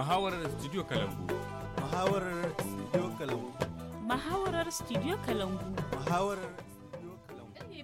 Muhawarar Studio Kalambu. Muhawarar Studio Kalambu. Muhawarar Studio Kalambu. Muhawarar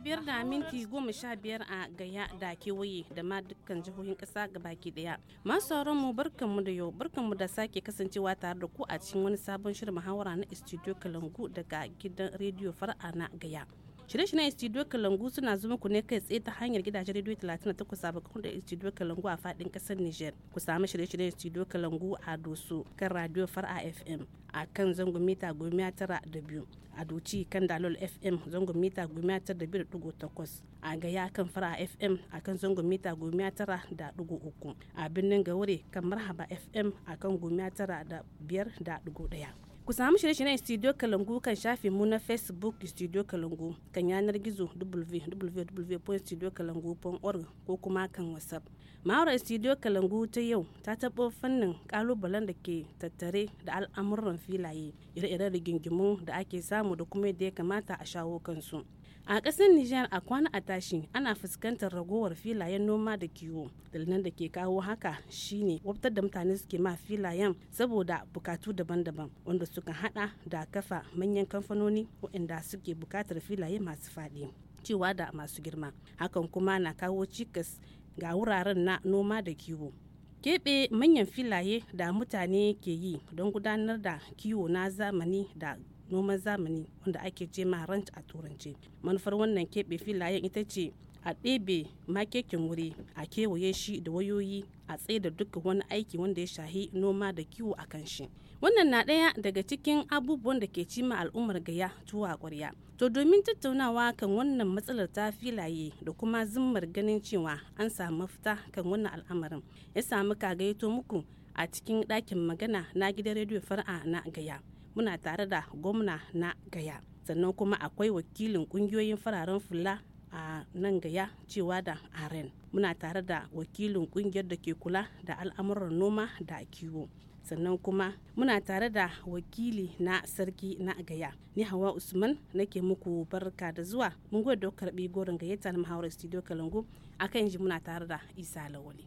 biyar da minti goma sha biyar a gaya da kewaye da ma dukkan jihohin kasa baki daya masu sauran mu barkan mu da yau barkan mu da sake kasancewa tare da ku a cikin wani sabon shirin muhawara na studio kalangu daga gidan rediyo far'a na gaya shirye-shiryen studio kalangu suna zuma ku ne kai tsaye ta hanyar gidajen rediyo 38 abokan da studio kalangu a fadin kasar niger ku samu shirye-shiryen studio kalangu a doso kan radio far'a fm a kan zangon mita goma tara da biyu a doci kan dalol fm zangon mita goma tara da biyu da dugu takwas a gaya kan fara fm a kan zangon mita goma tara da dugu uku a birnin gaure kan marhaba fm a kan goma tara da biyar da dugu daya Ku samu shirye-shiryen Studio Kalangu kan shafin mu na Facebook Studio Kalangu kan yanar gizo www.studiokalangu.org ko kuma kan WhatsApp. Ma'aurar Studio Kalangu ta yau ta taɓo fannin ƙalubalen da ke tattare da al'amuran filaye, ire-iren rigingimu da ake samu da kuma yadda ya kamata a shawo kansu. a ƙasar nijar a kwana a tashi ana fuskantar ragowar filayen noma da kiwo dalilan da ke kawo haka shine wabtar da mutane suke ma filayen saboda bukatu daban-daban wanda suka hada da kafa manyan kamfanoni waɗanda suke bukatar filaye masu faɗi cewa da masu girma hakan kuma na kawo cikas ga wuraren na noma da kiwo keɓe manyan filaye da mutane ke yi don gudanar da kiwo na zamani da noman zamani wanda ake ce ma ranch a turance manufar wannan keɓe filayen ita ce a ɗebe makekin wuri a kewaye shi da wayoyi a tsaye da dukkan wani aiki wanda ya shahi noma da kiwo a kan shi wannan na ɗaya daga cikin abubuwan da ke cima al'ummar gaya tuwa ƙwarya to domin tattaunawa kan wannan matsalar ta filaye da kuma zimmar ganin cewa an samu mafita kan wannan al'amarin ya samu kagaito muku a cikin ɗakin magana na gidan rediyo far'a na gaya muna tare da gwamna na gaya sannan kuma akwai wakilin kungiyoyin fararen fula a nan gaya cewa da aren muna tare da wakilin kungiyar da ke kula da al'amuran noma da kiwo sannan kuma muna tare da wakili na sarki na gaya ni hawa usman nake muku barka da zuwa mun gode da karbi gorin gayyata na mahawar studio kalangu akan ji muna tare da isa lawali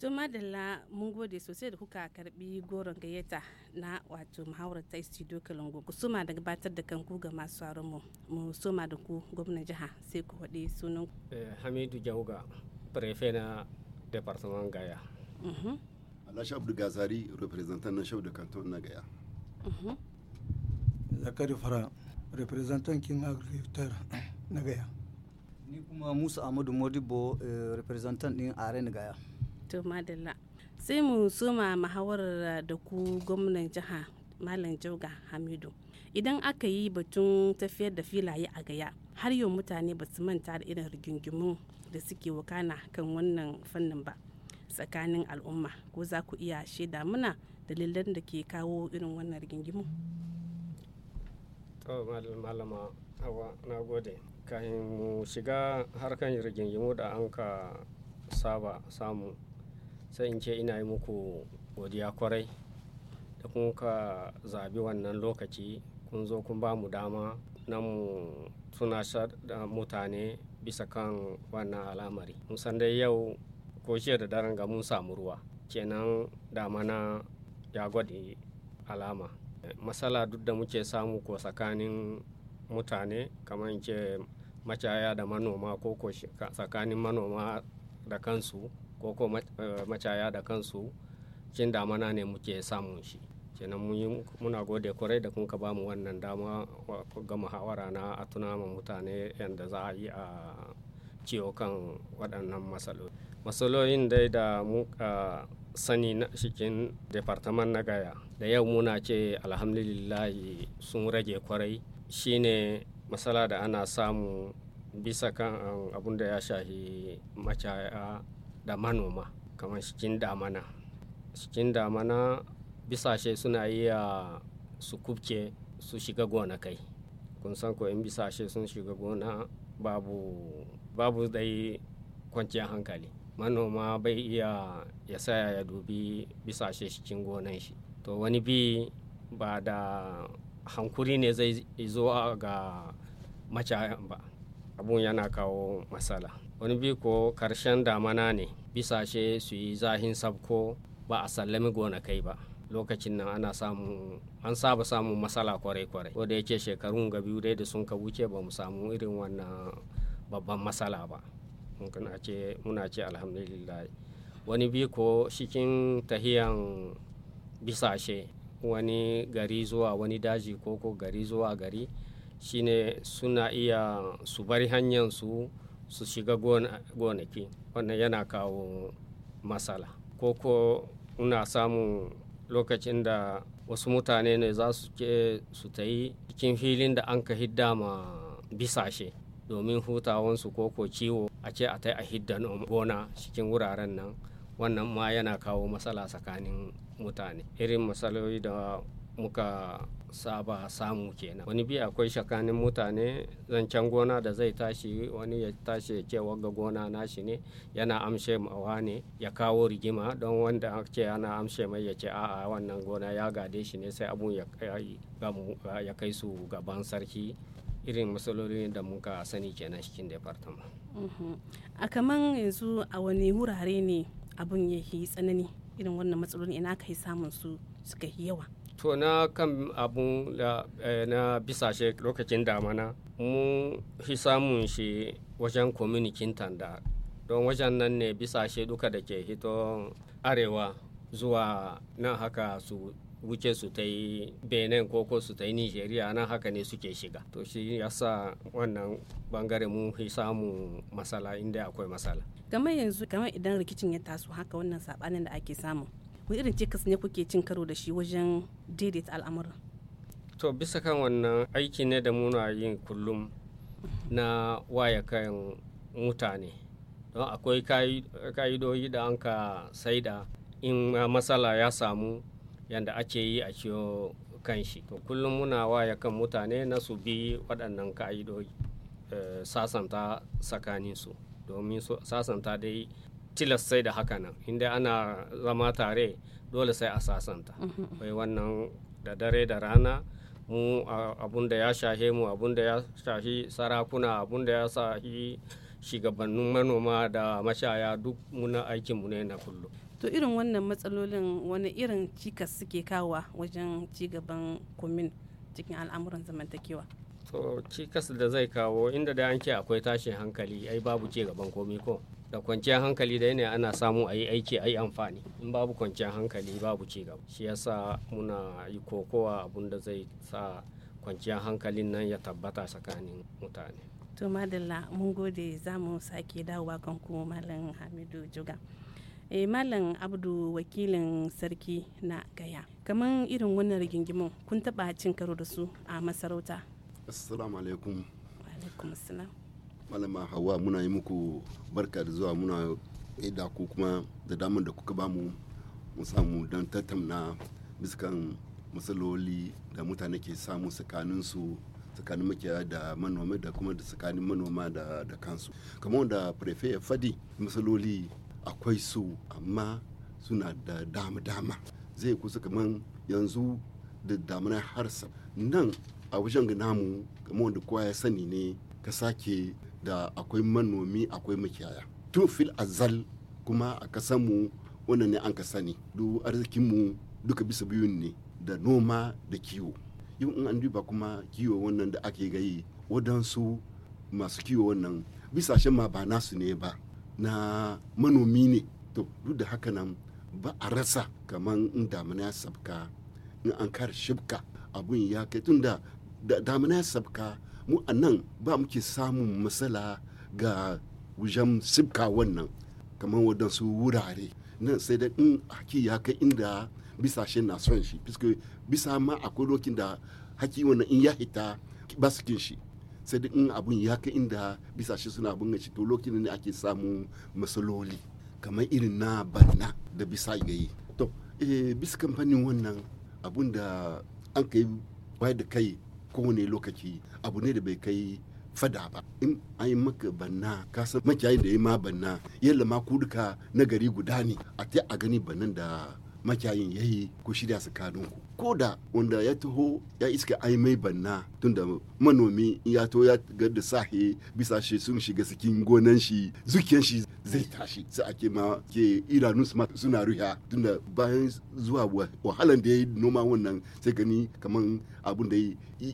to madalla mun gode sosai da kuka karbi goron gayyata na wato muhawarar ta studio kalungu ku soma da gabatar da kanku ga masu mu mu soma da ku gwamnan jiha sai ku haɗe sunan eh, hamidu jauga prefe na departement gaya mhm. alasha abdu gazari representant na shau da na gaya mhm. zakari fara representant king agriculture na gaya ni kuma musa amadu modibo eh, representant din are na gaya to madalla sai mu soma muhawarar da ku gwamnan jiha malam jauga hamidu idan aka yi batun tafiyar da filaye a gaya har yau mutane ba su manta da irin rigingimu da suke wakana kan wannan fannin ba tsakanin al'umma ko za ku iya shaida muna dalilan da ke kawo irin wannan rigingimu malama awa na gode kayan mu shiga harkar rigingimu da an ka saba samu sai in ce ina yi muku godiya kwarai da kun ka zabi wannan lokaci kun zo kun ba mu dama na mu suna da mutane bisa kan wannan al'amari musan dai yau ko da daren ga mun samu ruwa kenan damana ya gwadi alama matsala duk da muke samu ko tsakanin mutane kamar ce macaya da manoma ko tsakanin manoma da kansu ko ko eh, macaya da kansu cin damana ne muke samun shi kenan muna gode kwarai da kuka bamu wannan dama ga muhawara na a tuna ma mutane yadda za a yi a ciwo kan waɗannan matsaloli matsalolin dai da muka sani na cikin departaman na gaya da yau muna ce alhamdulillahi sun rage kwarai shine matsala da ana samu bisa kan eh, abun da ya shahi macaya da manoma kamar cikin damana cikin damana bisashe suna iya su kubce su shiga kai kun san ko in bisashe sun shiga gona babu babu dai kwanciyar hankali manoma bai iya ya saya ya dubi bisashe cikin gonan shi to wani bi ba da hankuri ne zai zo ga macayan ba abun yana kawo matsala wani bi ko karshen damana ne bisashe su yi zahin sabko ba a sallami gonakai ba lokacin nan ana samu an saba samun matsala kwarai-kwarai ko da yake shekarun ga biyu da sun ka wuce ba mu samu irin wannan babban matsala ba muna ce alhamdulillah wani bi ko cikin tahiyan bisashe wani gari zuwa wani daji ko ko gari zuwa gari shine suna iya su bari hanyar su su shiga gonaki wannan yana kawo matsala ko ko ina samun lokacin da wasu mutane ne za su ke su ta yi cikin filin da an ka hidda ma bisashe domin hutawansu ko ko ciwo a ce a ta a hidda gona cikin wuraren nan wannan ma yana kawo matsala tsakanin mutane irin matsaloli da muka saba samu kenan wani bi akwai shakanin mutane zancen gona da zai tashi wani ya tashi ya ce wagga gona nashi ne yana amshe mawa ne ya kawo rigima don wanda aka ce yana amshe mai ya ce a'a wannan gona ya gade shi ne sai abun ya kai su gaban sarki irin matsalolin da muka sani kenan cikin departama. Mhm. a kamar yanzu a wani wurare ne abun ya yi tsanani irin wannan matsaloli ina ka yi samun su suka yi yawa to na kan abu eh, na bisashe lokacin damana mun fi samun shi wajen kominikin tanda don wajen nan ne bisashe duka da ke hito arewa zuwa nan haka su wuce su ta yi benin ko ko su ta yi nigeria nan haka ne suke shiga to shi yasa wannan bangare mun fi samun matsala inda akwai masala. game yanzu game idan rikicin ya taso haka wannan sabanin da ake samu wani irin cikas ne kuke cin karo da shi wajen daidaita al'amuran to bisa kan wannan aiki ne da muna yin kullum na waya kan mutane don akwai ka'idoyi da an ka saida in matsala ya samu yadda ake yi a ciyo kan shi to kullum muna waya kan mutane na su bi waɗannan ka'idoyi eh, sasanta tsakaninsu domin sasanta dai tilas sai da haka nan inda ana zama tare dole sai a sasanta bai mhm. wannan da dare da rana mu abun da ya shahe mu abun da ya shahi sarakuna abun da ya shahi shugabannin manoma da mashaya duk muna mu ne na kullum to irin wannan matsalolin wani irin cikas suke kawa wajen cigaban kumin cikin al'amuran zamantakewa to cikas da zai kawo inda da an akwai tashin hankali ai babu cigaban komi ko da kwanciyar hankali da yanayi ana samu a yi aiki a yi amfani in babu kwanciyar hankali babu ci gaba shi yasa muna yi kokowa abun da zai sa kwanciyar hankalin nan ya tabbata tsakanin mutane to madalla mun gode za mu sake dawowa kan kuma malam hamidu juga e eh, malam abdu wakilin sarki na gaya kamar irin wannan rigingimin kun taba cin karo da su a masarauta assalamu alaikum alaikum assalam malama hawa muna yi muku barka da zuwa muna da ku kuma da damar da kuka bamu mu samu don tattauna biskan matsaloli da mutane ke samu su tsakanin makiyaya da manoma da kuma da tsakanin manoma da, da kansu kamar da prefe ya fadi matsaloli akwai su amma suna da dama-dama zai kusa kamar yanzu da damunan harsa nan a wajen namu kamar da kowa ya sani ne ka sake da akwai manomi akwai makiyaya tun fil azal kuma a kasanmu wannan ne an ka sani duk arzikinmu duka bisa biyun ne da noma da kiwo yau in an duba kuma kiwo wannan da ake gayi wadansu masu kiwo wannan bisashen ma ba nasu ne ba na manomi ne to duk da haka nan ba a rasa kamar in damina ya sabka in an kare shibka abun ya kai tun da damina ya sabka mu a nan ba muke samun matsala ga wajen sibka wannan kamar wadansu wurare nan sai da in haki ya kai inda shi na son shi bisa ma akwai lokin da haki wannan in ya hita ba su kin shi sai da in abun ya kai inda shi suna abun shi to lokacin ne ake samun matsaloli kamar irin na barna da bisa yi to eh, bisa kamfanin wannan abun da an kai bai da kai kowane lokaci abu ne da bai kai fada ba in an yi maka banna kasan. san makiyayin da ya ma banna yalla ma kuduka na gari guda ne a ta a gani bannan da makiyayin yayi ku shirya ku. ko da wanda ya taho ya iska ai mai banna tunda manomi ya to ya ga da sahi bisa shi sun shiga cikin gonan shi zukiyan shi zai tashi sai ake ma ke idanun su suna ruha tunda bayan zuwa wahalan da ya yi noma wannan sai gani kaman abun da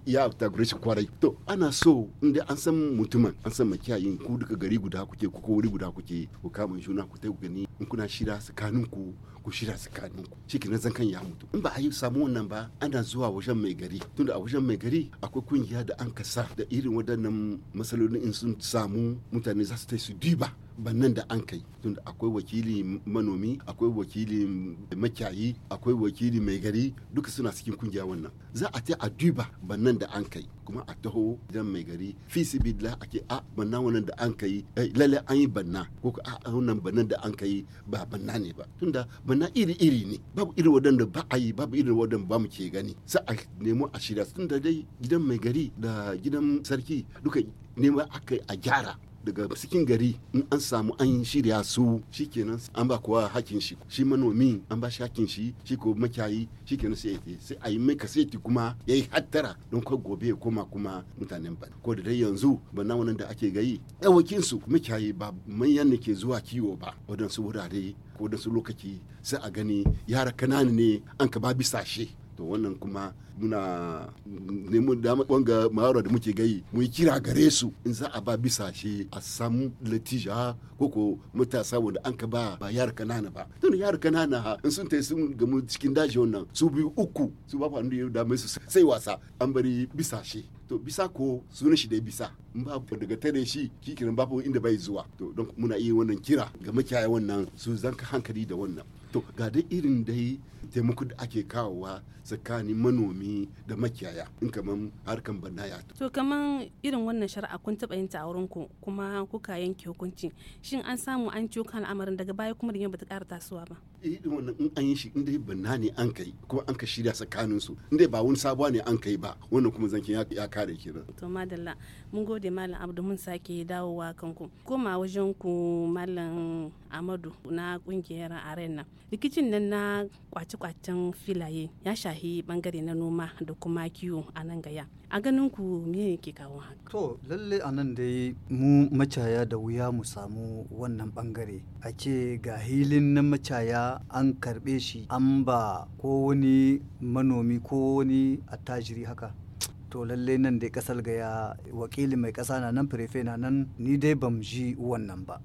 ya tagure shi kwarai to ana so inda an san mutumin an san makiyayin ku duka gari guda kuke ku wuri guda kuke ku kama shuna ku ta gani in kuna shira tsakaninku ku shira ku shi kenan zan kan ya mutu in ba a yi samu wannan ba ana zuwa wajen mai gari tunda a wajen mai gari akwai kungiya da an kasa da irin waɗannan matsalolin in sun samu mutane za su ta su diba bannan da an kai tunda akwai wakili manomi akwai wakili makiyayi akwai wakili mai gari duka suna cikin kungiya wannan za a ta a duba bannan da an kai kuma a taho idan mai gari fi sibidla ake a banna wannan da an kai eh, lalle an yi banna ko a wannan bannan da an kai ba banna ne ba tunda banna iri iri ne babu iri wadanda ba a yi babu iri wadanda ba mu ke gani za a nemo a shirya tunda dai gidan mai gari da gidan sarki duka nema aka a gyara daga cikin gari in an samu an shirya su shikenan an ba kowa hakin shi shi manomi an ba shi hakin shi shi ko makiyayi shikenan sai ya sai a yi mai kaseti kuma ya yi hattara don ko gobe ya koma kuma mutanen ban ko da dai yanzu bana wannan da ake gayi ɗawakin su makiyayi ba manyan ne ke zuwa kiwo ba wadansu wurare ko su lokaci sai a gani yara kanana ne an ka ba bisa shi to wannan kuma muna nemo dama wanga mawara da muke gayi mu yi kira gare su in za a ba bisa shi a samu latija ko ko matasa wanda an ka ba ba yar kanana ba tun yar kanana in sun tai sun gamu cikin daji wannan su biyu uku su ba fa da mai su sai wasa an bari bisa shi to bisa ko sunan shi da bisa in ba daga tare shi kikirin babu inda bai zuwa to don muna iya wannan kira ga makiyaya wannan su zanka hankali da wannan to ga dai irin dai taimako da ake kawowa tsakanin manomi da makiyaya in kamar harkan banna ya to kamar irin wannan shari'a kun taɓa yin ta a wurin ku kuma kuka yanke hukunci shin an samu an ciyo kan al'amarin daga baya kuma ba bata ƙara tasowa ba eh, irin wannan in an yi shi inda banna ne an kai kuma an ka shirya tsakanin su inda ba wani sabuwa ne an kai ba wannan kuma zan ya kare kenan to madalla mun gode malam abdu mun sake dawowa kanku koma wajen ku malam amadu na kungiyar arena nan rikicin nan na kwace kwace filaye ya shahi bangare na noma da kuma kiwo a nan gaya a ganin ku me ke kawo haka to lalle a nan dai mu macaya da wuya mu samu wannan bangare a ce ga hilin na macaya an karbe shi an ba ko wani manomi ko wani attajiri haka to lallai nan dai kasar gaya wakili mai kasa na nan firefe na nan ni dai bam ji wannan ba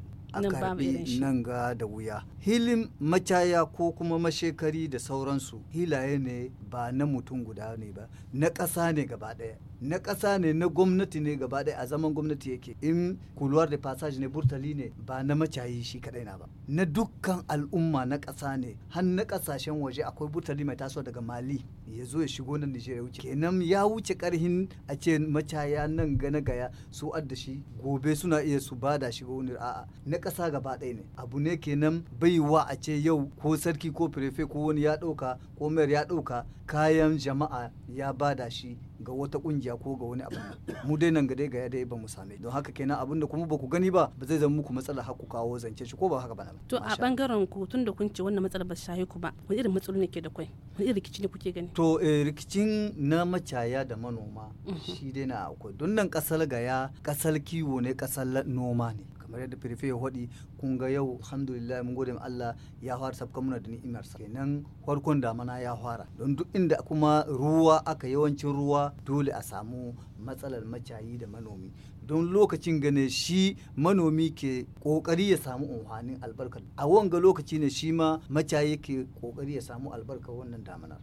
nan ga da wuya hilin macaya ko kuma mashekari da sauransu hilaye ne ba na mutum guda ne ba na ƙasa ne gaba ɗaya na ƙasa ne na gwamnati ne gaba ɗaya a zaman gwamnati yake in kuluwar da passage ne burtali ne ba na macayi shi kaɗai na ba na dukkan al'umma na ƙasa ne har na ƙasashen waje akwai burtali mai tasowa daga mali ya zo ya shigo na nigeria wuce kenan ya wuce ƙarhin a ce macaya nan gana gaya su adda shi gobe suna iya su bada da wani a'a na ƙasa gaba ɗaya ne abu ne kenan baiwa a ce yau ko sarki ko firefe ko wani ya ɗauka ko mayar ya ɗauka kayan jama'a ya bada shi ga wata kungiya ko ga wani abu mu dai nan ga dai ga dai ba mu same don haka kenan da kuma ba ku gani ba ba zai zama muku matsala haku kawo zance shi ko ba haka ba to a bangaren ku tun da kun ce wannan matsalar ba shahi ku ba wani irin matsaloli ke da kai wani irin rikici ne kuke gani to eh, rikicin na macaya da manoma mhm. shi dai na akwai don nan kasar gaya kasar kiwo ne kasar noma ne kamar yadda firife ya hodi kun ga yau alhamdulillah mun gode Allah ya fara sabkan muna da ni'imar sa kenan farkon damana ya fara don duk inda kuma ruwa aka yawancin ruwa dole a samu matsalar macayi da manomi don lokacin gane shi manomi ke kokari ya samu amfanin albarkar a wanga lokaci ne shi ma macayi ke kokari ya samu albarkar wannan damanar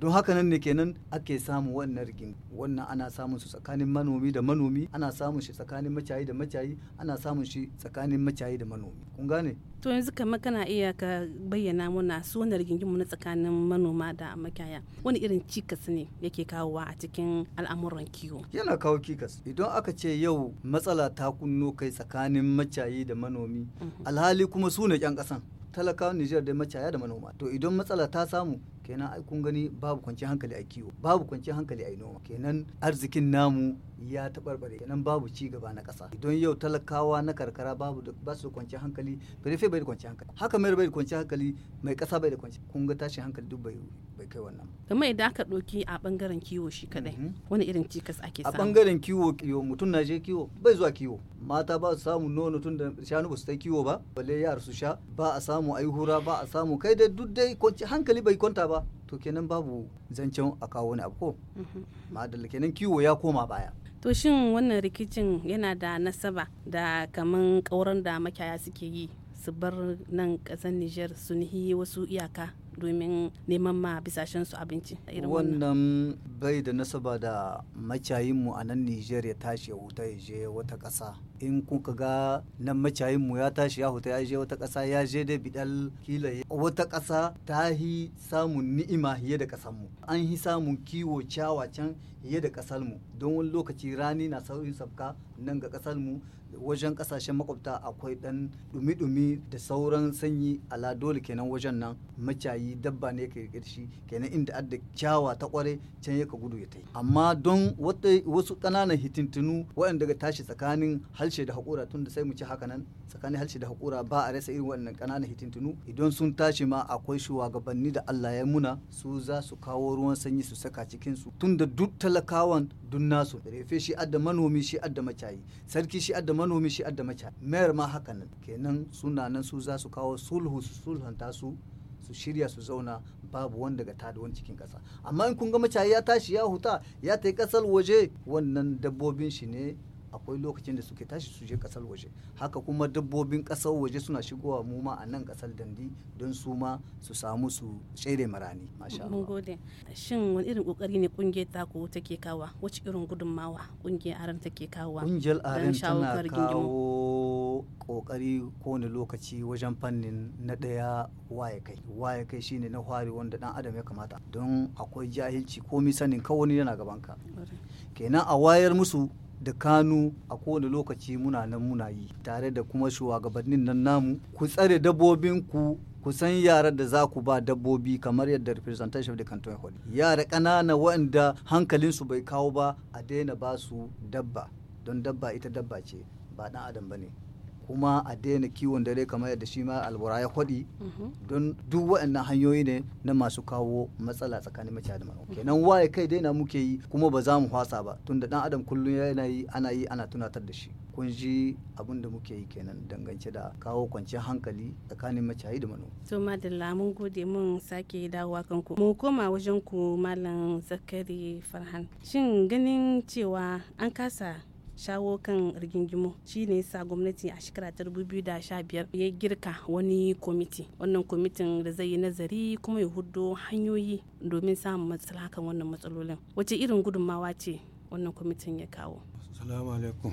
don haka nan ne kenan ake samun wannan rigin wannan ana samun su tsakanin manomi da manomi ana samun shi tsakanin macayi da macayi ana samun shi tsakanin macayi da manomi kun gane to yanzu kamar kana iya ka bayyana mana su wannan rigingimu na tsakanin manoma da makiyaya wani irin cikas ne yake kawowa a cikin al'amuran kiwo yana kawo cikas idan aka ce yau matsala ta kunno kai tsakanin macayi da manomi mhm. alhali kuma su ne 'yan kasan talakawan Nijar da macaya da manoma. To idan matsala ta samu kenan ai kun gani babu kwanciyar hankali a kiwo babu kwanciyar hankali a noma kenan arzikin namu ya taɓarɓare nan babu ci gaba na ƙasa don yau talakawa na karkara babu da ba su kwanciyar hankali firife bai da kwanciyar hankali haka mayar bai da kwanciyar hankali mai ƙasa bai da kwanciyar kun ga tashin hankali duk bai bai kai wannan kamar idan aka ɗauki a ɓangaren kiwo shi kadai mhm. wani irin cikas ake samu a ɓangaren kiwo kiwo mutum na je kiwo bai zuwa kiwo mata ba su samu nono tun da shanu ba su ta kiwo ba balle yara su sha ba a samu ayi hura ba a samu kai da duk dai hankali bai kwanta ba to kenan babu zancen a kawo wani abu ko ma'adalla mhm. kenan kiwo ya koma baya to shin wannan rikicin yana da nasaba da kaman kauran da makiyaya suke yi su bar nan kasar niger su nihi wasu iyaka domin neman ma bisashen su abinci wannan bai da nasaba da makiyayinmu a nan niger ya tashi ya wuta ya je wata ƙasa in kuka ga nan macayin mu ya tashi ya huta ya je wata ƙasa ya je da bidal kila wata ƙasa ta hi samun ni'ima hiye da ƙasar mu an hi samun kiwo ciyawa can hiye da ƙasar mu don wani lokaci rani na saurin safka nan ga ƙasar mu wajen ƙasashen makwabta akwai ɗan dumi-dumi da sauran sanyi ala dole kenan wajen nan macayi dabba ne ka shi kenan inda adda ciyawa ta kware can ya ka gudu ya ta amma don wasu ƙananan hitintunu waɗanda daga tashi tsakanin har halshe da haƙura tun da sai mu ci haka nan tsakanin harshe da haƙura ba a rasa irin waɗannan ƙananan hitintunu idan sun tashi ma akwai shugabanni da Allah ya muna su za su kawo ruwan sanyi su saka cikin su tun da duk talakawan dun nasu refe shi adda manomi shi adda macayi sarki shi adda manomi shi adda macayi mayar ma haka nan kenan suna nan su za su kawo sulhu su sulhanta su su shirya su zauna babu wanda ga ta cikin kasa amma in kun ga macayi ya tashi ya huta ya ta yi kasar waje wannan dabbobin shi ne akwai lokacin da suke tashi su je kasar waje haka kuma dabbobin kasar waje suna shigowa mu ma a nan kasar dandi don su ma su samu su tsere marani masha mun gode shin wani irin kokari ne kungiyar ta ko take kawa wace irin gudunmawa kungiyar aran take kawa kungiyar aran tana kawo kokari ne lokaci wajen fannin na daya waye kai waye kai shine na hwari wanda dan adam ya kamata don akwai jahilci komi sanin kawani yana gabanka kenan a wayar musu da kanu a kowane lokaci muna nan muna yi tare da kuma shugabannin nan namu ku tsare dabbobinku ku san yara da za ku ba dabbobi kamar yadda representation of the canton hall yara ƙanana waɗanda su bai kawo ba a daina ba su dabba don dabba ita dabba ce ba ɗan adam ba ne kuma a daina kiwon dare kamar yadda shi ma albura ya kwaɗi mhm. don duk waɗannan hanyoyi ne na masu kawo matsala tsakanin mace da mara kenan waye kai daina muke yi kuma ba za mu fasa ba tunda dan adam kullum yana yi ana yi ana tunatar da shi kun ji abin da muke yi kenan dangance da kawo kwanciyar hankali tsakanin macayi da manomi. to madalla mun gode mun sake dawowa ku mu koma wajen ku malam zakari farhan shin ganin cewa an kasa shawo kan rigingimu shi ne sa gwamnati a shekara ta 2015 ya girka wani kwamiti wannan kwamitin da zai yi nazari kuma ya hudo hanyoyi domin samun matsala kan wannan matsalolin wace irin gudunmawa ce wannan kwamitin ya kawo Salamu alaikum.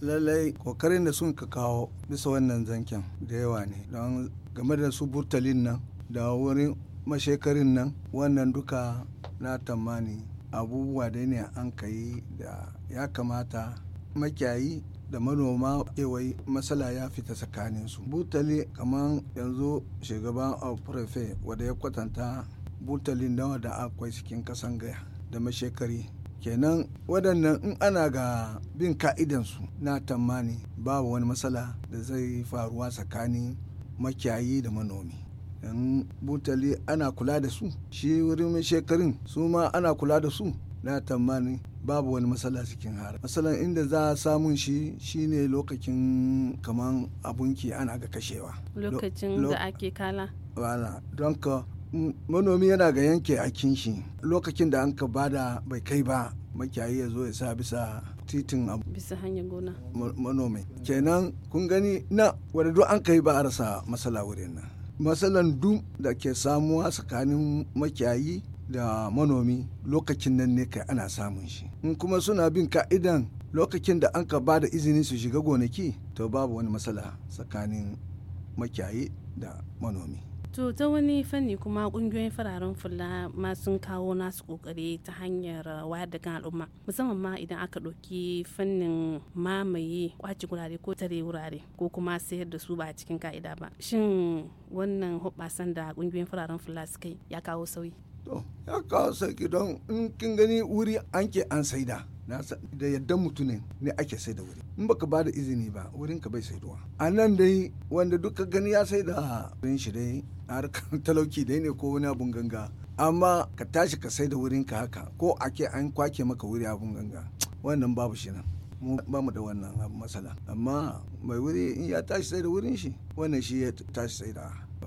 Lallai kokarin da sun ka kawo bisa wannan zanken da yawa ne don game da su burtalin nan da wurin mashekarin nan wannan duka na tamani abubuwa dai ne an ka yi da ya kamata makiyayi da manoma kewai matsala ya fita tsakanin su butali kamar yanzu shugaban prefe wadda ya kwatanta butalin nawa da akwai cikin kasan gaya da mashekari kenan waɗannan in ana ga bin ka'idansu na tamani babu wani matsala da zai faruwa tsakanin makiyayi da manomi yan butali ana kula da su shi wurin shekarun su ma ana kula da su na tamani babu wani matsala cikin har matsalan inda za a samun shi shine lokacin kaman abunki ana ga kashewa lokacin da ake kala wala don ka manomi yana ga yanke a shi lokacin da an ka bada bai kai ba makiyayi ya zo ya sa bisa titin abu bisa hanyar gona manomi kenan kun gani na wadda duk an kai ba a rasa matsala wurin nan matsalan dum da ke samuwa tsakanin makiyayi da manomi lokacin nan ne kai ana samun shi in kuma suna bin ka'idan lokacin da an ka ba da izinin su shiga gonaki to babu wani matsala tsakanin makiyayi da manomi to ta wani fanni kuma kungiyoyin fararen fulla ma sun kawo nasu kokari ta hanyar ah, wayar da kan al'umma musamman ma idan aka ɗauki fannin mamaye kwaci wurare ko tare wurare ko kuma sayar da su ba a cikin ka'ida ba shin wannan hoɓasan da kungiyoyin fararen fulla suka yi ya kawo sauyi to ya kawo sauki don in kin gani wuri an ke an saida da yadda mutumin ne ake sai da wuri in baka bada izini ba wurin ka bai saiduwa a nan dai wanda duka gani ya sai da wurin shi dai harkar talauki dai ne ko wani abun ganga amma ka tashi ka sai da wurin ka haka ko ake an kwake maka wuri abun ganga wannan babu shi nan mu ba mu da wannan matsala amma mai wuri in ya tashi sai da wurin shi wannan shi ya tashi sai da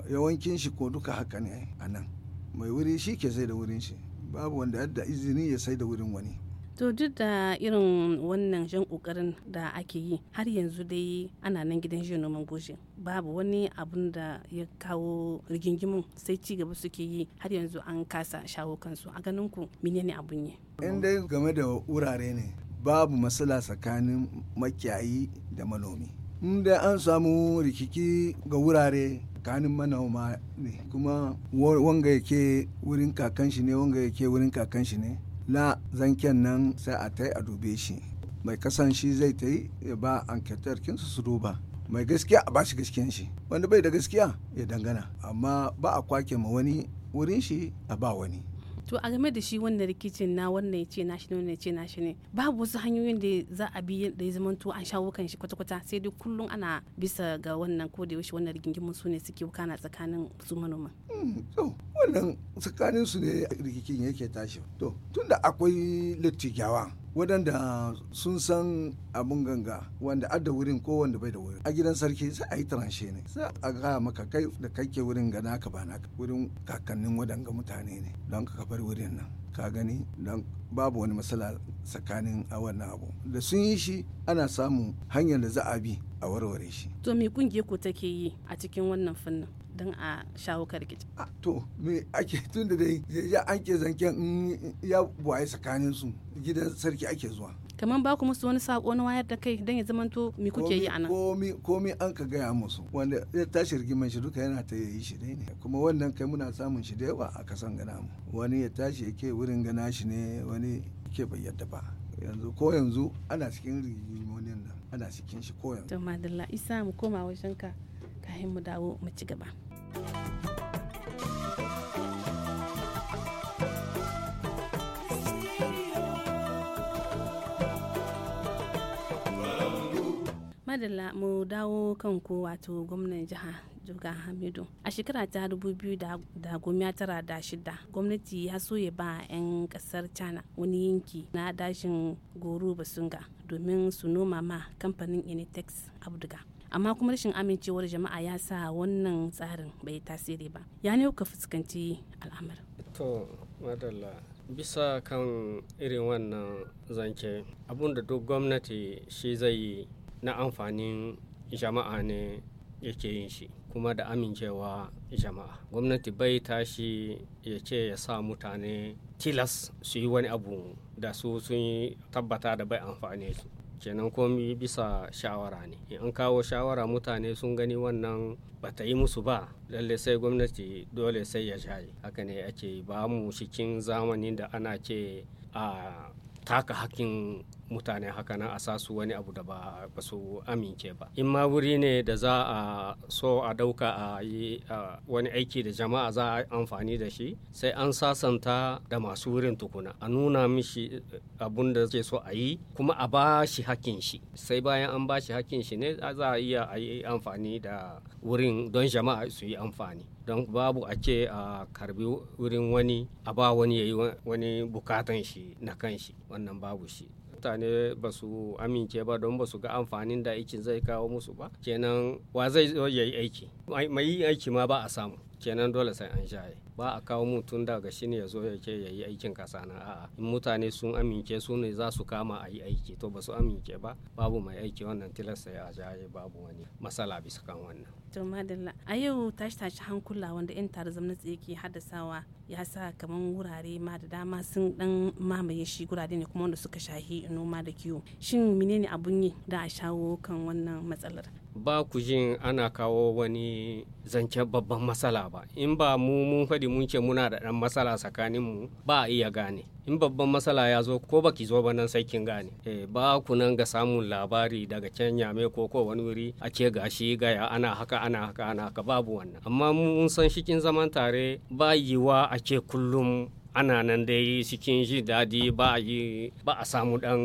yawancin shi ko duka haka ne a nan mai wuri shi ke sai da wurin shi babu wanda yadda izini ya sai da wurin wani to duk da irin wannan jan kokarin da ake yi har yanzu dai ana nan gidan jiya noman goshi babu wani abun da ya kawo rigingimin sai ci gaba suke yi har yanzu an kasa shawo kansu a ganin ku menene abun yi in dai game da wurare ne babu matsala tsakanin makiyayi da manomi in dai an samu rikiki ga wurare tsakanin manoma ne kuma wanga yake wurin kakan shi ne wanga yake wurin kakan shi ne la zanken nan sai a tai a dube shi mai kasan shi zai ta yi ya ba anketar kinsu su duba mai gaskiya a bashi gaskiyan shi wanda bai da gaskiya ya dangana amma ba a kwake ma wani wurin shi a ba wani to a game da shi wannan rikicin na wannan ya ce nashi ne wannan ya ce nashi ne babu wasu hanyoyin da za a bi da ya zama to an shawo kan shi kwata-kwata sai dai kullum ana bisa ga wannan ko da yaushe wannan rigingimin su ne suke kana tsakanin su manoma. Hmm, to wannan tsakanin su ne rikicin yake tashi to tunda akwai littigawa waɗanda sun san abin ganga wanda adda wurin ko wanda bai da wurin a gidan sarki sai a yi transhe ne sai a ga maka kai da kake wurin ga naka ba naka wurin kakannin waɗanga mutane ne don ka bar wurin nan ka gani don babu wani matsala tsakanin a wannan abu da sun yi shi ana samun hanyar da za a bi a warware shi to me kungiyar ku take yi a cikin wannan fannin don a shawo kan a to me ake tun da dai ya an ke in ya buwaye tsakanin su gidan sarki ake zuwa. kamar ba ku musu wani sako na wayar da kai don ya zamanto me kuke yi a nan. komi an ka gaya musu wanda ya tashi rigiman shi duka yana ta yi shi ne kuma wannan kai muna samun shi da yawa a kasan gana mu wani ya tashi yake wurin gana shi ne wani ke bai yadda ba yanzu ko yanzu ana cikin rigimonin nan ana cikin shi ko yanzu. to madalla isa mu koma wajen ka kahin mu dawo mu ci gaba. madalla mu dawo kan ko wato gwamnan jiha joga hamidu a shekara ta shida gwamnati ya so ya ba 'yan kasar china wani yanki na dashin goro basunga domin su noma ma kamfanin initex abduga amma kuma rashin amincewar jama'a ya sa wannan tsarin bai tasiri ba ya ne ka fuskanci al'amar to madalla bisa kan irin wannan zance abinda duk gwamnati shi zai yi na amfanin jama'a ne yake yin shi kuma da amincewa jama'a gwamnati bai tashi ya ce ya sa mutane tilas su yi wani abu da su sun tabbata da bai amfane su kenan komi bisa shawara ne in kawo shawara mutane sun gani wannan ba ta yi musu ba lalle sai gwamnati dole sai ya jaye haka ne ake ba mu cikin zamanin da ana ce a taka hakkin mutane haka nan a sasu wani abu da ba su amince ba in ma wuri ne da za a so a dauka a yi wani aiki da jama'a za a amfani da shi sai an sasanta da masu wurin tukuna a nuna mishi eh, abun da ke so a yi kuma a ba shi hakkin shi sai bayan an ba shi hakkin shi ne za a iya a yi amfani da wurin don jama'a su yi amfani don babu a ce a karbi wurin wani a ba wani ya yi wani bukatan shi na kan shi wannan babu shi mutane ba su amince ba don ba su ga amfanin da aikin zai kawo musu ba kenan wa zai zo ya yi aiki mai aiki ma ba a samu kenan dole sai an shaye ba a kawo mutum daga shi ne ya zo ya ya yi aikin kasa na a'a in mutane sun amince su ne za su kama a yi aiki to ba su amince ba babu mai aiki wannan tilasta ya shaye babu wani matsala bisa kan wannan to madalla a yau tashi tashi hankula wanda yan tare tsaye ke haddasawa ya sa kamar wurare ma da dama sun dan mamaye shi gurare ne kuma wanda suka shahi noma da kiwo shin menene abun yi da a shawo kan wannan matsalar ba ku jin ana kawo wani zance babban matsala ba in ba mu mun faɗi mun ce muna da ɗan matsala tsakanin mu ba a iya gane in babban matsala ya zo ko baki zo ba nan sai kin gane eh ba ku nan ga samun labari daga can yame ko ko wani wuri a ce gashi gaya ana haka ana haka ana haka babu wannan amma mun san shikin zaman tare ba yiwa a ce kullum ana nan dai cikin ji daɗi ba a yi ba a samu ɗan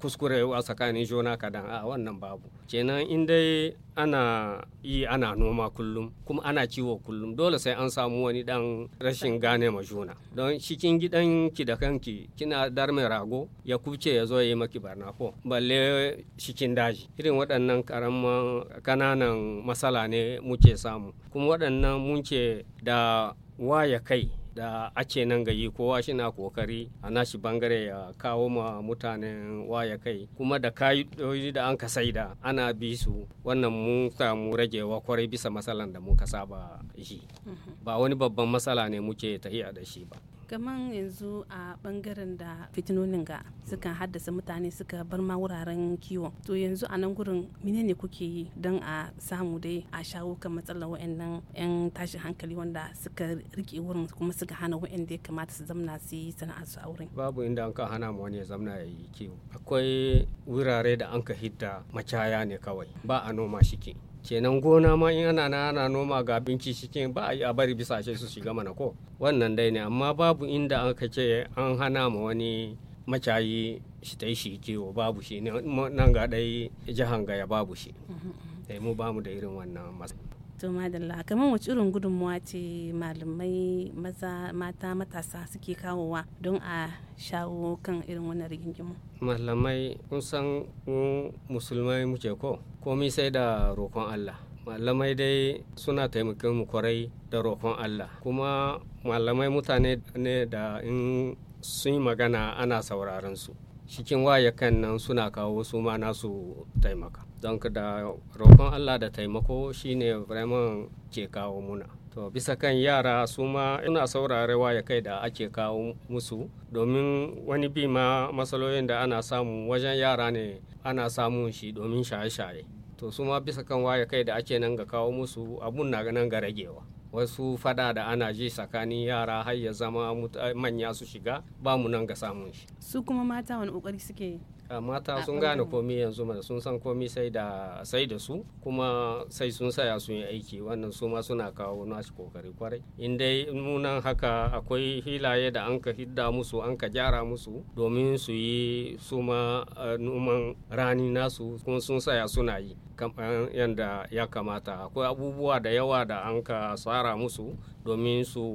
kuskurewa tsakanin juna kadan a wannan babu kenan in dai ana yi ana noma kullum kuma ana ciwo kullum dole sai an samu wani ɗan rashin gane ma juna don cikin gidan ki da kanki kina mai rago ya kuce ya zo ya yi maki barna ko balle cikin daji irin waɗannan karaman kananan matsala ne muke samu kuma waɗannan mun da waya kai da ake nan gayi kowa shina kokari a nashi bangare ya kawo ma mutanen waya kai kuma da ka'idoji da an ka saida ana bi su wannan mun samu ragewa kwarai bisa matsalan da muka saba shi mhm. ba wani babban matsala ne muke tahiya da shi ba kaman yanzu a bangaren da fitinonin ga sukan haddasa mutane suka bar ma wuraren kiwo to yanzu a nan gurin mine ne kuke yi don a samu dai a shawo kan matsalar wa'annan yan tashi hankali wanda suka rike wurin kuma suka hana wa'anda ya kamata su zamna su yi sana'ar su aure babu inda an ka hana mu wani ya zamna ya yi kiwo akwai wurare da an ka hidda macaya ne kawai ba a noma shi ke kenan gona ma in ana ana noma ga abinci cikin ba a bari bisashe su shiga mana ko wannan dai ne amma babu inda aka ce an hana ma wani macayi shi ta shi kiwo babu shi nan ga dai jihan gaya babu shi mm-hmm, mm-hmm. Eh, mu bamu da irin wannan masu to madalla kamar wace irin gudunmuwa ce malamai maza mata matasa suke kawowa don a shawo kan irin wannan rigingimu malamai kun san musulmai muke ko komai sai da roƙon allah malamai dai suna taimakon mu kwarai da rokon allah kuma malamai mutane ne da in sun yi magana ana sauraron su cikin wayakan nan suna kawo su ma nasu taimaka don da roƙon allah da taimako shine vraiment ke kawo muna to bisa kan yara su ma ina saurare wayakai da ake kawo musu domin wani bi ma matsalolin da ana samu wajen yara ne ana samun shi domin shaye-shaye to su ma bisa kan wayakai da ake nan ga kawo musu abun na nan ga ragewa wasu fada da ana ji tsakanin yara har ya zama manya su shiga ba mu nan ga samun shi su kuma mata wani kokari suke Eh, mata sun gane komi yanzu mana sun san komi sai da sai da su kuma sai sun saya sun yi aiki wannan su ma suna kawo nashi kokari kwarai in dai nunan haka akwai hilaye da an ka hidda musu an ka gyara musu domin su yi su ma eh, numan rani nasu kuma sun saya suna yi yadda ya kamata akwai abubuwa da yawa da an ka tsara musu domin su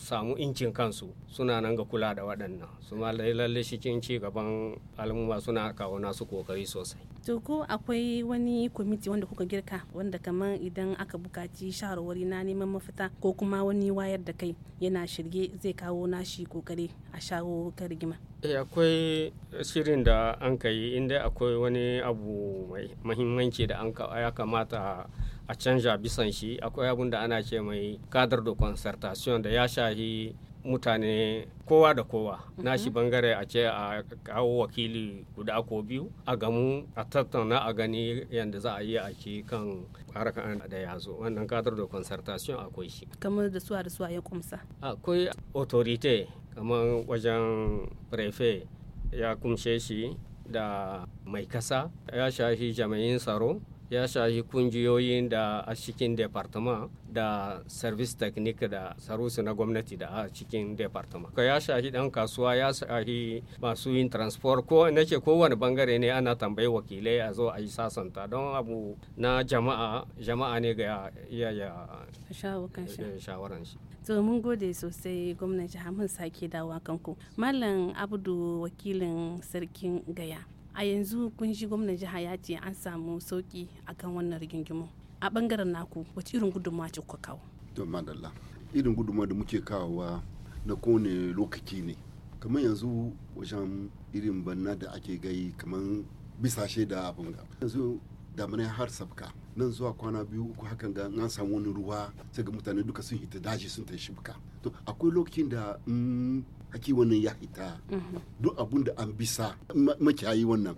samu incin kansu suna nan ga kula da waɗannan su ma lalle cikin ci gaban al'umma suna kawo nasu kokari sosai to ko akwai wani kwamiti wanda kuka girka wanda kamar idan aka bukaci shawarwari na neman mafita ko kuma wani wayar da kai yana shirye zai kawo nashi kokari a shawo kan rigima eh akwai shirin da an kai inda akwai wani abu mai muhimmanci da an ya kamata a canja bisan shi akwai abin da ana ce mai kadar da concertation da ya shahi mutane kowa da kowa mm-hmm. na shi bangare a ce a kawo wakili guda ko biyu a gamu a tattauna a gani yadda za a yi a aiki kan harkar da ya zo wannan kadar da concertation akwai shi kamar da suwa da suwa ya kumsa akwai autorite kamar wajen prefe ya kumshe shi da mai kasa ya shahi jami'in tsaro ya shahi kungiyoyin da a cikin departement da service technique da sarusu na gwamnati da a cikin departement ka ya shahi dan kasuwa ya shahi masu yin transport ko nake kowane bangare ne ana tambayi wakilai a zo a yi sasanta don abu na jama'a jama'a ne ga iya ya eh, shawaran shi to mun gode sosai gwamnati hamun sake dawa kanku malam abdu wakilin sarkin gaya a yanzu kun shi gwamnan jiha ya ce an samu sauki akan wannan rigingimu a bangaren naku wace irin gudunmawa ce kuka kawo to madalla irin gudunmawa da muke kawowa na kone lokaci ne kamar yanzu wajen irin banna da ake gai kamar bisa da abin ga yanzu damina har sabka nan zuwa kwana biyu uku hakan ga an samu wani ruwa sai ga mutane duka sun hita daji sun ta shibka to akwai lokacin da mm, haki wannan ya fita duk abun da an bisa makiyayi wannan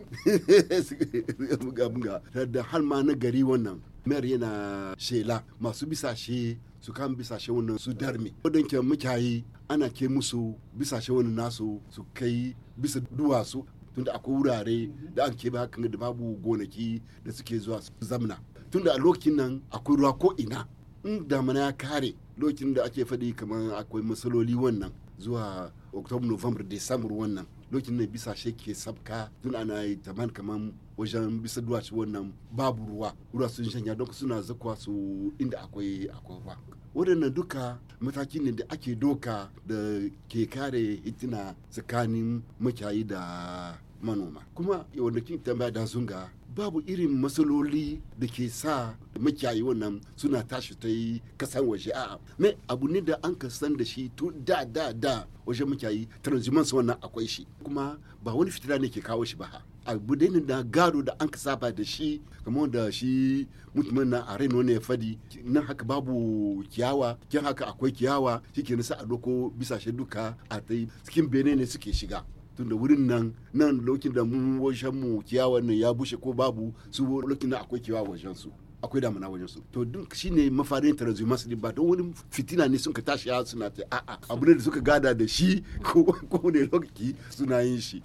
da har ma na gari wannan mayar yana shela masu bisa shi su kan bisa shi wannan su darme wadanke makiyayi ana ke musu bisa shi wannan nasu su kai bisa duwatsu tunda akwai wurare da an keɓe hakan da babu gonaki da suke zuwa su zamna tunda a lokacin nan akwai ruwa ko ina in damana ya kare lokacin da ake faɗi kamar akwai masaloli wannan zuwa oktoba november december wannan lokacin ne bisa shi ke sabka tun ana yi taman kaman wajen bisa duwatsu wannan babu ruwa ruwa sun shanya don suna zakwa su inda akwai akwai ruwa waɗannan duka mataki ne da ake doka da ke kare hitina tsakanin makiyayi da manoma kuma wanda kin tambaya da zunga babu irin matsaloli da ke sa makiyayi wannan suna tashi ta yi kasan waje a'a me abu ne da an san da shi tun da da da wajen makiyayi su wannan akwai shi kuma ba wani fitila ne ke kawo shi ba abu dai da gado da an saba da shi kamar da shi mutumin na a reno ne fadi nan haka babu kiyawa kin haka akwai kiyawa ke nasa a doko bisashe duka a ta cikin bene ne suke shiga tunda wurin nan nan lokacin da mun wajen mu kiyawan nan ya bushe ko babu su lokacin nan akwai kiyawa wajen su akwai damuna wajen su to duk shine mafarin transhumance din ba don wani fitina ne sun ka tashi ya suna ta a abu ne da suka gada da shi ko ko ne lokaci suna yin shi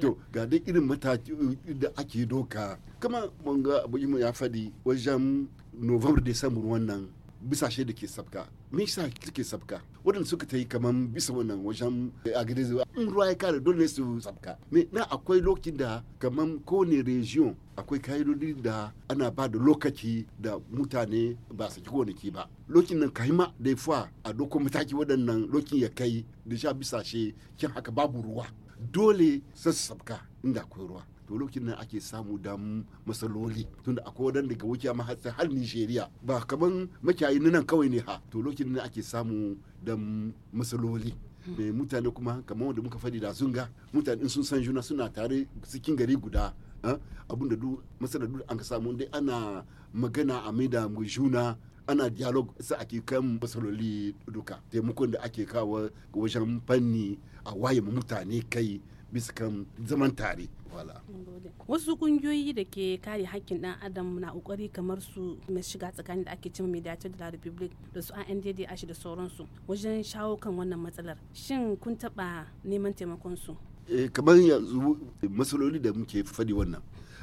to ga duk irin mataki uh, da ake doka kama mun ga abu ya fadi wajen november december wannan bisashe da ke sabka me yasa suke sabka waɗanda suka ta yi kaman bisa wannan wajen eh, agadiz in ruwa ya kare dole ne su sabka me na akwai lokacin da k'o kowane region akwai ka'idodi da ana ba da lokaci da mutane ba su gonaki ba lokacin nan ma da fa a doko mataki wadannan lokacin ya kai da sha bisashe kin haka babu ruwa dole sai su sabka inda akwai ruwa to lokacin nan ake samu damu masaloli. tunda akwai wadanda daga wuce ma har Nigeria ba kaman makiyayi nan kawai ne ha to lokacin nan ake samu dan masaloli. mai mutane kuma kamar wanda muka fadi da zunga mutane sun san juna suna tare cikin gari guda eh, abin da duk an ka samu dai ana magana a mai da juna ana dialog sa ake kan masaloli duka taimakon da ake kawo wajen fanni a waye mutane kai bisa kan zaman tare wala wasu kungiyoyi da ke kare hakkin dan adam na kokari kamar su mai shiga tsakanin da ake cin mediator da republic da su ANDD ashi da sauransu wajen shawo kan wannan matsalar shin kun taba neman taimakon su eh, kamar yanzu matsaloli da muke fadi wannan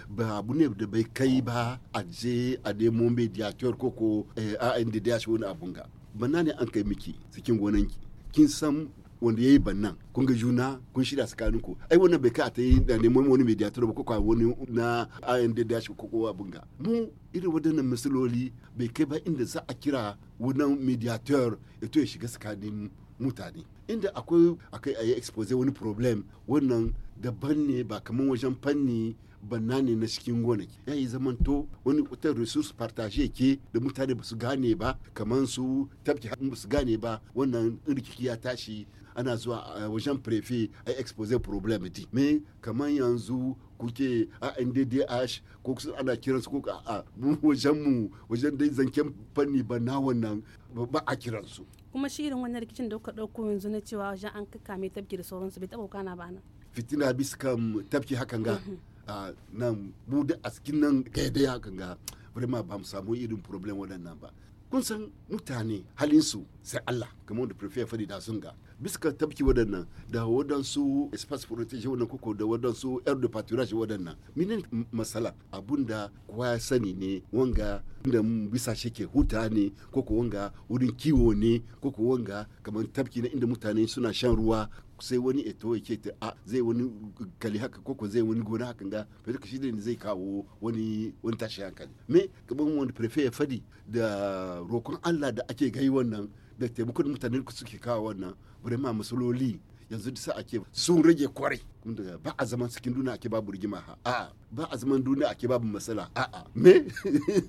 ba abu ne da bai kai ba a je a nemo mediator ko ko eh, ANDD ashi wani abun ga bana ne an kai miki cikin gonanki kin san wanda ya yi bannan kun ga juna kun shirya tsakanin ku ai wannan bai kai a ta yi da neman wani mediator ba ko wani na da dashi ko kowa bunga mu irin wadannan misaloli bai kai ba inda za a kira wannan mediator ya to ya shiga tsakanin mutane inda akwai akai ayi expose wani problem wannan daban ne ba kaman wajen fanni banna ne na cikin gonaki ya yi zamanto wani kutar resource partage ke da mutane ba su gane ba kamar su tafki ba su gane ba wannan rikiki ya tashi ana zuwa eh, wajen prefe a expose problem di me kamar yanzu kuke a ndh ko ana su ko a wajen mu wajen dai zanken fanni ba na wannan ba a su. kuma shi irin wannan rikicin da kuka ɗauko yanzu na cewa wajen an mai tafki da sauransu bai taɓa kana ba nan fitina bisa kan tafki hakan ga mhm. a nan mu da askin nan gaidai hakan ga vraiment ba mu samu irin problem waɗannan ba kun san mutane halinsu sai Allah kamar da prefer fari da sun ga bisa tabki waɗannan da waɗansu espace protection wannan koko da waɗansu air de pâturage waɗannan minin masala abunda kowa ya sani ne wanga mun bisa shi ke huta ne koko wanga wurin kiwo ne koko wanga kamar tabki na inda mutane suna shan ruwa sai wani eto yake ta a zai wani kali haka koko zai wani gona haka ga fadaka shi ne zai kawo wani wani tashi hankali me kamar wani prefe ya fadi da rokon Allah da ake gai wannan da taimakon mutanen ku suke kawo wannan bari ma musuloli yanzu da sa ake sun rage kwarai ba a zaman cikin duniya ake babu rigima ha a ba a zaman duniya ake babu matsala a a me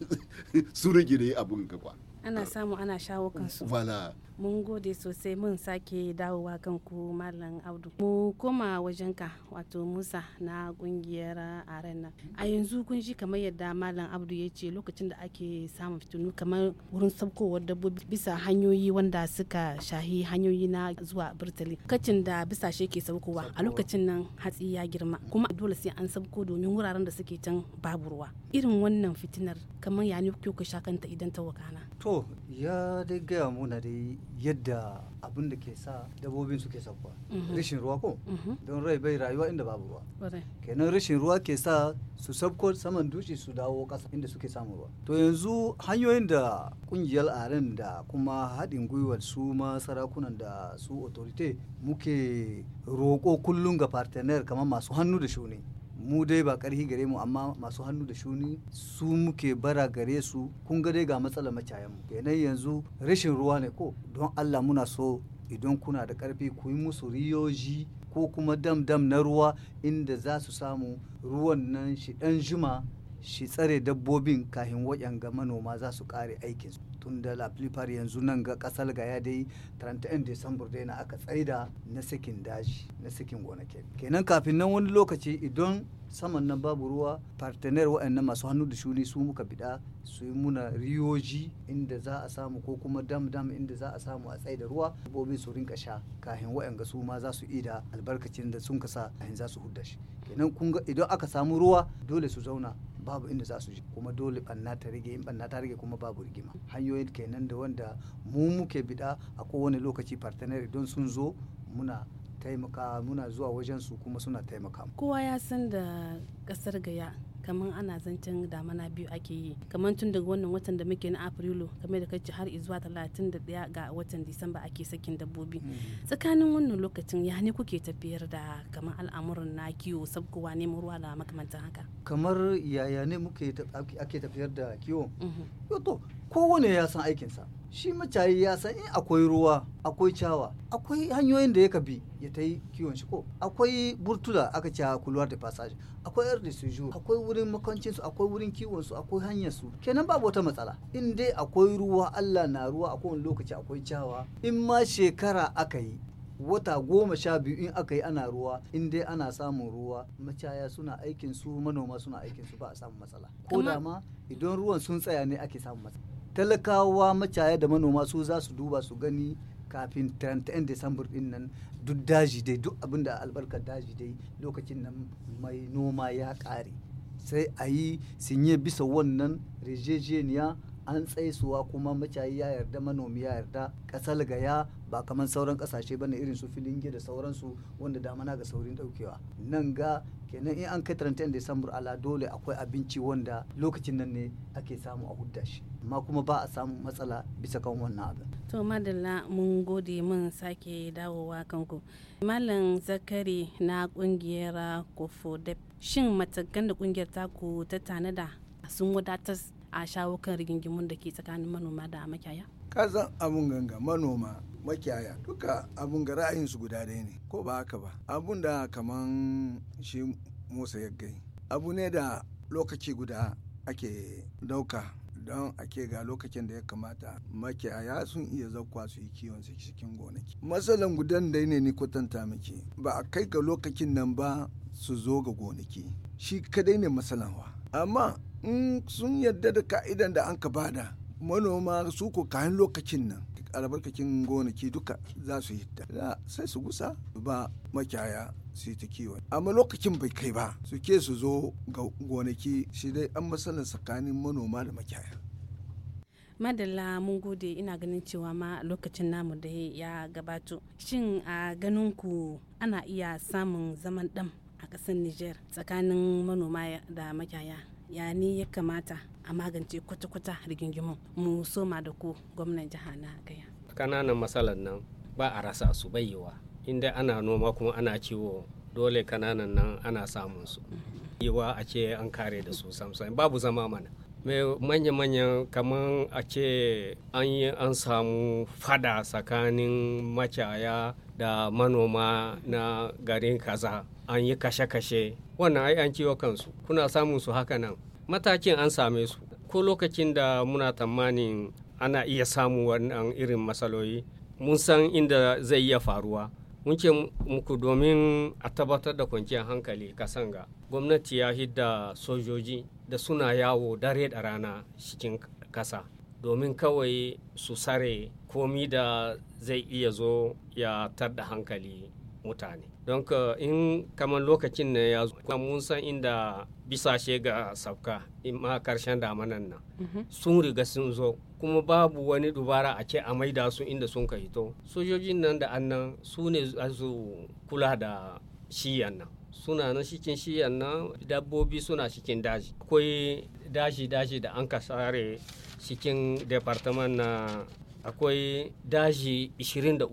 sun rage da yi abun gaba ana samu ana shawo kansu wala mun gode sosai mun sake dawowa kanku malam audu mu koma wajenka wato musa na kungiyar arena a yanzu kun ji kamar yadda malam abdu ya ce lokacin da ake samun fitinu kamar wurin saukowar dabbobi bisa hanyoyi wanda suka shahi hanyoyi na zuwa birtali kacin da bisa shi ke saukowa a lokacin nan hatsi ya girma kuma dole sai an sauko domin wuraren da suke can babu ruwa irin wannan fitinar kamar ya ne ku sha kanta idan ta wakana to ya dai gaya muna dai yadda abin da ke sa dabobin suke sauka mhm. rashin ruwa ko mhm. don rai bai rayuwa inda babu ruwa kenan rashin ruwa ke sa su sabko saman dutse su dawo ƙasa inda suke samun ruwa to yanzu hanyoyin da kungiyar aren da kuma haɗin gwiwar su ma sarakunan da su authority muke roƙo kullum ga partner kamar masu hannu da shuni mu dai ba karhi gare mu amma masu hannu da shuni su muke bara gare su kun ga dai ga matsalar macayen mu kenan yanzu rashin ruwa ne ko don Allah muna so idan kuna da karfi ku yi musu riyoji ko kuma dam dam na ruwa inda za su samu ruwan nan shi dan juma shi tsare dabbobin kahin waɗanga manoma za su kare aikin tun da lafifar yanzu nan ga kasar ga ya dai 31 December dai na aka tsaida na sakin daji na sakin gonake kenan kafin nan wani lokaci idan saman nan babu ruwa partenaire waɗannan masu hannu da shuni su muka bida su yi muna riyoji inda za a samu ko kuma dam dam inda za a samu a tsaye ruwa dabbobin su rinka sha kahin waɗanga su ma za su ida albarkacin da sun kasa kahin za su hudda shi kenan kun ga idan aka samu ruwa dole su zauna babu inda za su ji kuma dole banna ta rage in banna ta rage kuma babu rigima hanyoyin kenan da wanda mu muke bida a kowane lokaci partner don sun zo muna taimaka muna zuwa wajen su kuma suna taimaka kowa ya san da kasar gaya kamar ana zancen damana biyu ake yi kamar tun daga wannan watan da muke na afrilu kamar da kacce har zuwa talatin da daya ga watan disamba ake sakin dabbobi mm. tsakanin wannan lokacin ya ne kuke tafiyar da kamar al'amuran na kiwo sabkowa neman ruwa da makamantan haka kamar yaya ne muke ake tafiyar da kiwo mm-hmm. kowane ya san aikinsa shi macayi ya san in akwai ruwa akwai cawa akwai hanyoyin da yaka bi ya ta yi kiwon shi ko akwai burtula aka ce kuluwar da passage akwai yar da su akwai wurin makwancinsu, su akwai wurin kiwon su akwai hanyar su kenan babu wata matsala in dai akwai ruwa Allah na ruwa a kowane lokaci akwai cawa in ma shekara aka yi wata goma sha biyu in aka yi ana ruwa in dai ana samun ruwa macaya suna aikin su manoma suna aikin su ba a samun matsala ko da idan ruwan sun tsaya ne ake samun matsala talakawa macaya da manoma su za su duba su gani kafin 31 December din nan duk daji dai duk abin da albarkar daji dai lokacin nan mai noma ya ƙare sai a yi sinye bisa wannan rejejeniya an tsaisuwa kuma macayi ya yarda manomi ya yarda kasal gaya ba kamar sauran kasashe bane irin su filinge da sauransu wanda damana ga saurin daukewa nan ga kenan in an kai 31 December ala dole akwai abinci wanda lokacin nan ne ake samu a hudda shi amma kuma ba a samu matsala bisa kan wannan abin to madalla mun gode mun sake dawowa kanku malam zakari na kungiyar kofodep shin matakan da kungiyar taku ta tanada sun wadatar a shawo kan rigingimun da ke tsakanin manoma da makiyaya ka san abun ganga manoma makiyaya duka abun ga ra'ayinsu guda ɗaya ne ko ba haka ba abun da kaman shi musa ya gai abu ne da lokaci guda ake dauka don ake ga lokacin da ya kamata makiyaya sun iya zakwa su yi kiwon su cikin gonaki matsalan gudan da ne ni kwatanta miki ba a kai ga lokacin nan ba su zo ga gonaki shi kadai ne wa. amma in sun yarda da ka'idan da an ka bada manoma su ko kayan lokacin nan albarkacin gonaki duka za su yi ta. sai su gusa ba makiyaya su yi ta kiwon amma lokacin bai kai ba su ke su zo ga gonaki shi dai an matsala tsakanin manoma da makiyaya madalla mun gode ina ganin cewa ma lokacin namu da ya gabato shin a ganin ku ana iya samun zaman dam a ƙasar niger tsakanin manoma da makiyaya ya ni ya kamata a magance kwata-kwata rigingimu mu soma da ku gwamnan jiha na gaya kananan matsalar nan ba a rasa su bayyawa inda ana noma kuma ana ciwo dole kananan nan ana samun su mm-hmm. yiwa a ce an kare da su babu zama mana mai manya-manyan kamar a ce an yi an samu fada tsakanin macaya da manoma na garin kaza an yi kashe-kashe wannan ai an ciwo kansu kuna samun su haka nan matakin an same su ko lokacin da muna tamanin ana iya samun wannan irin matsaloli mun san inda zai iya faruwa mun ce muku domin a tabbatar da kwanciyar hankali kasanga gwamnati ya hidda sojoji da suna yawo dare da rana cikin kasa domin kawai su sare komi da zai iya zo ya tar da hankali mutane don ka in kamar lokacin ne ya kuma mun san inda bisashe ga sauka in ma karshen damanan nan mhm. sun riga sun zo kuma babu wani dubara a ce a maida su inda sun ka hito sojojin nan da annan su ne su kula da shiyan nan suna nan cikin shiyan nan dabbobi suna cikin daji akwai daji daji da an ka sare cikin departament na akwai daji 23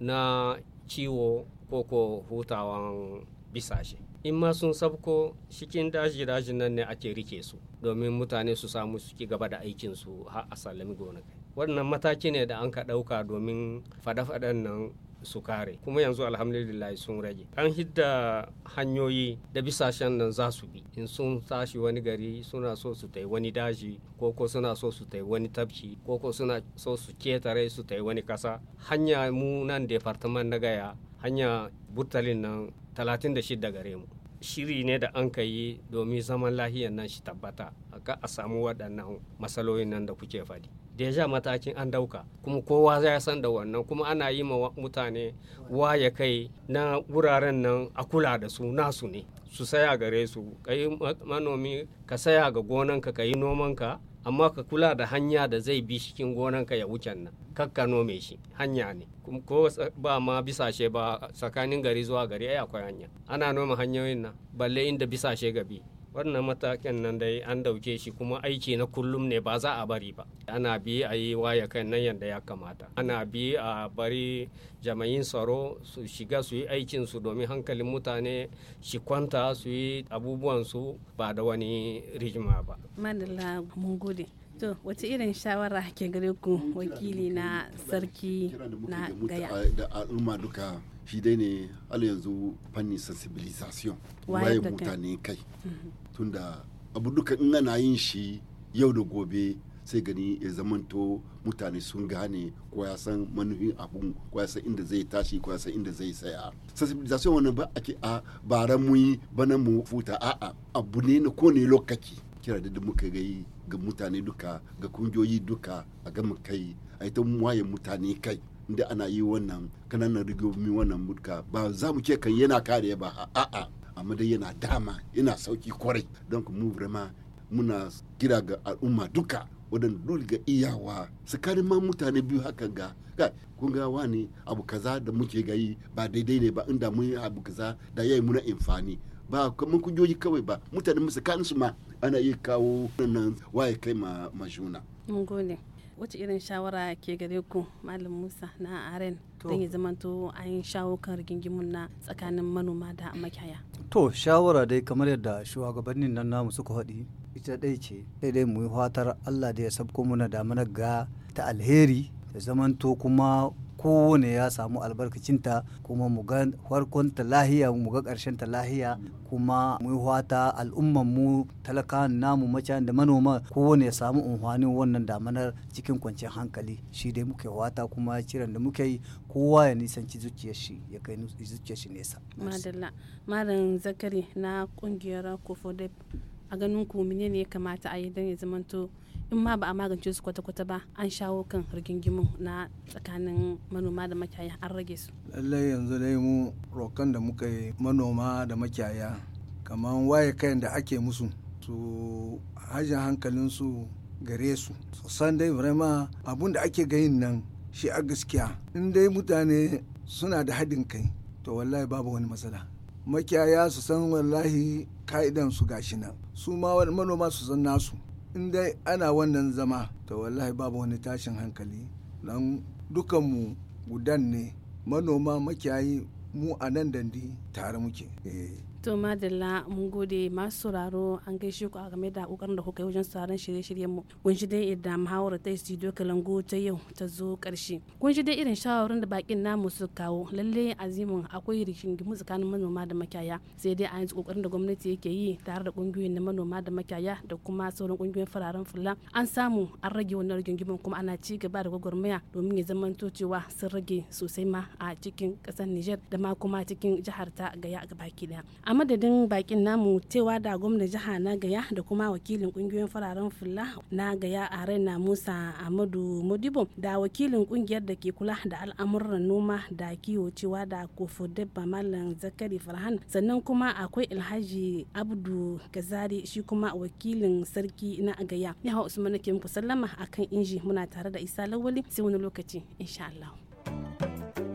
na ciwo ko ko hutawan bisashe in ma sun sabko cikin daji daji nan ne ake rike su domin mutane su samu su gaba da aikin su har a sallami gonakai wannan mataki ne da an ka ɗauka domin fada-fadan nan su kare kuma yanzu alhamdulillah sun rage an hidda hanyoyi da bisashen nan za su bi in sun tashi wani gari suna so su tai wani daji ko ko suna so su tai wani tafki ko ko suna so su ketare su tai wani kasa hanya mu nan departament na gaya hanya burtalin nan 36 gare mu shiri ne da an ka yi domin zaman lahiyan nan shi tabbata ka a samu waɗannan matsalolin nan da kuke faɗi deja matakin an dauka kuma kowa ya san da wannan kuma ana yi ma mutane waye kai na wuraren nan a kula da su nasu ne su saya gare su kai manomi ka saya ga gonanka ka yi nomanka amma ka kula da hanya da zai bi cikin gonanka ya wuce nan kakka nome shi hanya ne ko ba ma bisashe ba tsakanin gari zuwa gari ai akwai hanya ana noma hanyoyin nan balle inda bisashe gabi wannan matakin nan dai an dauke shi kuma aiki na kullum ne ba za a bari ba ana bi a yi waya kan nan yadda ya kamata ana bi a bari jama'in tsaro su shiga su yi aikin su domin hankalin mutane shi kwanta su yi abubuwan su ba da wani rigima ba madalla mun gode to wace irin shawara ke gare ku wakili na sarki na gaya da al'umma duka shi ne yanzu fanni sensibilisation waye mutane kai mhm. tunda abu duka in ana yin shi yau da gobe sai gani ya zamanto mutane sun gane ko ya san manufin abun ko inda zai tashi ko inda zai saya sensibilisation wani ba ake a bara mu bana mu futa a abu ne na kone lokaci kira da muka gai ga mutane duka ga kungiyoyi duka a gama kai a ita waye mutane kai inda ana yi wannan kananan rigobi wannan mutka ba za mu ce kan yana kare ba a'a amma dai yana dama yana sauki kwarai don mu ma muna kira ga al'umma duka wadanda dole ga iyawa tsakanin ma mutane biyu haka ga kun ga wani abu kaza da muke gayi ba daidai ne ba inda mun yi abu kaza da yayi muna amfani ba mun kujoji kawai ba mutane mu tsakanin su ma ana iya kawo nan waye kai ma majuna mun gode wace irin shawara ke gare ku malam musa na aren don ya zamanto an shawo kan rigingimun na tsakanin manoma da makiyaya to shawara dai kamar yadda shugabannin nan namu suka faɗi ita dai ce sai dai mu yi fatar allah da ya sabko muna da mana ga ta alheri da zamanto kuma kowane ya samu albarkacinta kuma mu ga farkon ta lahiya mu ga ƙarshen ta lahiya kuma mu fata al'umman mu talakan namu macan da manoma kowane ya samu unhwanin wannan damanar cikin kwanciyar hankali shi dai muke wata kuma ciran da muke yi kowa ya nisanci zuciyar shi ya kai zuciyar shi nesa madalla malam zakari na kungiyar kofodep a ganin ku menene ya kamata a yi don ya zamanto in ma ba a magance su kwata-kwata ba an shawo kan rigingimu na tsakanin manoma da makiyaya an rage su lallai yanzu dai mu rokan da muka yi manoma da makiyaya kamar waye kayan da ake musu su hajin hankalinsu gare su su san dai ma. abun da ake gayin nan shi a gaskiya in dai mutane suna da haɗin kai to wallahi babu wani matsala makiyaya su san wallahi ka'idan su gashi nan su ma manoma su san nasu in dai ana wannan zama to wallahi babu wani tashin hankali don dukanmu gudan ne manoma makiyayi mu a nan dandi tare muke. Eh. to madalla mun gode masu sauraro an gaishe ku a game da kokarin da kuka yi wajen sauraron shirye-shiryen mu kun shi dai idan muhawara ta studio kalango ta yau ta zo karshe kun shi dai irin shawarwarin da bakin namu su kawo lalle azimin akwai gimu tsakanin manoma da makiyaya sai dai a yanzu kokarin da gwamnati yake yi tare da kungiyoyin na manoma da makiyaya da kuma sauran kungiyoyin fararen fulla an samu an rage wannan gimu kuma ana ci gaba da gwagwarmaya domin ya zamanto cewa sun rage sosai ma a cikin kasar Niger da ma kuma cikin jihar ta Gaya gabaki daya a madadin bakin namu cewa da gwamnan jiha na gaya da kuma wakilin kungiyoyin fararen fulla na gaya a na musa amadu modibo da wakilin kungiyar da ke kula da al'amuran noma da kiwo cewa da kofodebba malam zakari farhan sannan kuma akwai alhaji abdu gazari shi kuma wakilin sarki na gaya ya hau usman ke muku sallama akan inji muna tare da isa lawali sai wani lokaci insha allah